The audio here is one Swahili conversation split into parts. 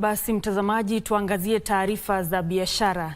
Basi mtazamaji, tuangazie taarifa za biashara.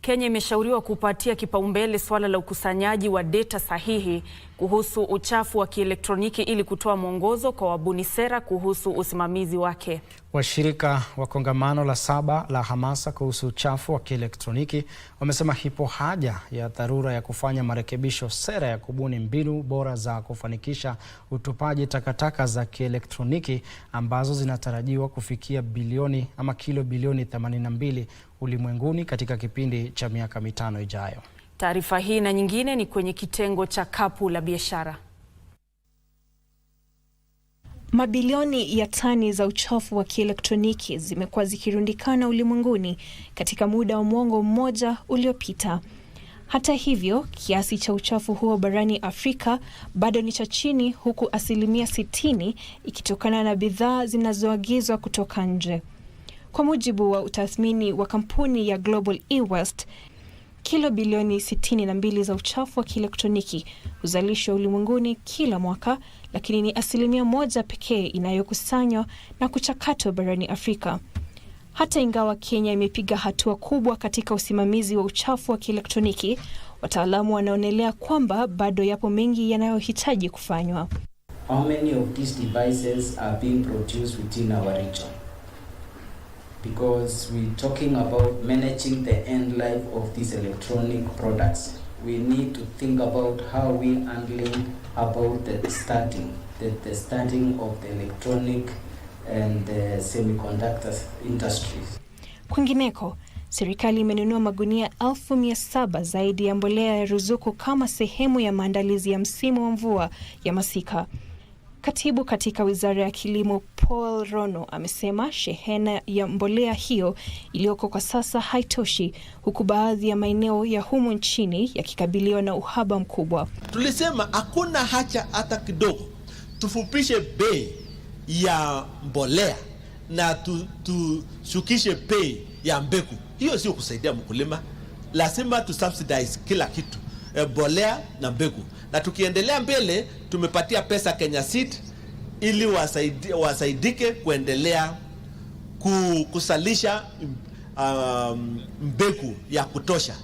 Kenya imeshauriwa kupatia kipaumbele suala la ukusanyaji wa data sahihi kuhusu uchafu wa kielektroniki ili kutoa mwongozo kwa wabuni sera kuhusu usimamizi wake. Washirika wa kongamano la saba la hamasa kuhusu uchafu wa kielektroniki wamesema ipo haja ya dharura ya kufanya marekebisho sera ya kubuni mbinu bora za kufanikisha utupaji takataka za kielektroniki ambazo zinatarajiwa kufikia bilioni ama kilo bilioni 82 ulimwenguni katika kipindi cha miaka mitano ijayo. Taarifa hii na nyingine ni kwenye kitengo cha kapu la biashara. Mabilioni ya tani za uchafu wa kielektroniki zimekuwa zikirundikana ulimwenguni katika muda wa mwongo mmoja uliopita. Hata hivyo, kiasi cha uchafu huo barani Afrika bado ni cha chini, huku asilimia sitini ikitokana na bidhaa zinazoagizwa kutoka nje. Kwa mujibu wa utathmini wa kampuni ya Global eWaste, kilo bilioni 62 za uchafu wa kielektroniki huzalishwa ulimwenguni kila mwaka, lakini ni asilimia moja pekee inayokusanywa na kuchakatwa barani Afrika. Hata ingawa Kenya imepiga hatua kubwa katika usimamizi wa uchafu wa kielektroniki, wataalamu wanaonelea kwamba bado yapo mengi yanayohitaji kufanywa. How many of these devices are being produced within our region? because we're talking about managing the end life of these electronic products. We need to think about how we handling about the starting, the, the starting of the electronic and the semiconductor industries. Kwingineko, serikali imenunua magunia elfu mia saba zaidi ya mbolea ya ruzuku kama sehemu ya maandalizi ya msimu wa mvua ya masika. Katibu katika wizara ya kilimo Paul Rono amesema shehena ya mbolea hiyo iliyoko kwa sasa haitoshi, huku baadhi ya maeneo ya humu nchini yakikabiliwa na uhaba mkubwa. Tulisema hakuna hacha hata kidogo, tufupishe bei ya mbolea na tushukishe bei ya mbegu. Hiyo sio kusaidia mkulima, lazima tusubsidize kila kitu e, na mbegu. Na tukiendelea mbele, tumepatia pesa Kenya Seed ili wasaidike, wasaidike kuendelea kusalisha um, mbegu ya kutosha.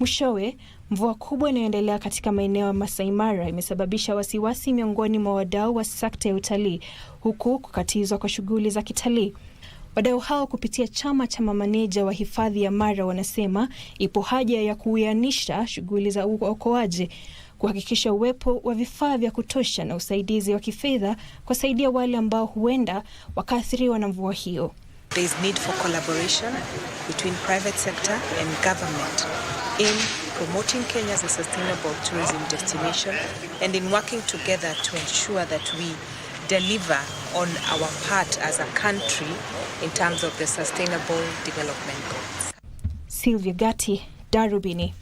Mwishowe, mvua kubwa inayoendelea katika maeneo ya Masai Mara imesababisha wasiwasi miongoni mwa wadau wa sekta ya utalii, huku kukatizwa kwa shughuli za kitalii. Wadau hao kupitia chama cha mamaneja wa hifadhi ya Mara wanasema ipo haja ya kuwianisha shughuli za uokoaji kuhakikisha uwepo wa vifaa vya kutosha na usaidizi wa kifedha kuwasaidia wale ambao huenda wakaathiriwa na mvua hiyo. There is need for collaboration between private sector and government in promoting Kenya as a sustainable tourism destination and in working together to ensure that we deliver on our part as a country in terms of the sustainable development goals. Sylvia Gati, Darubini.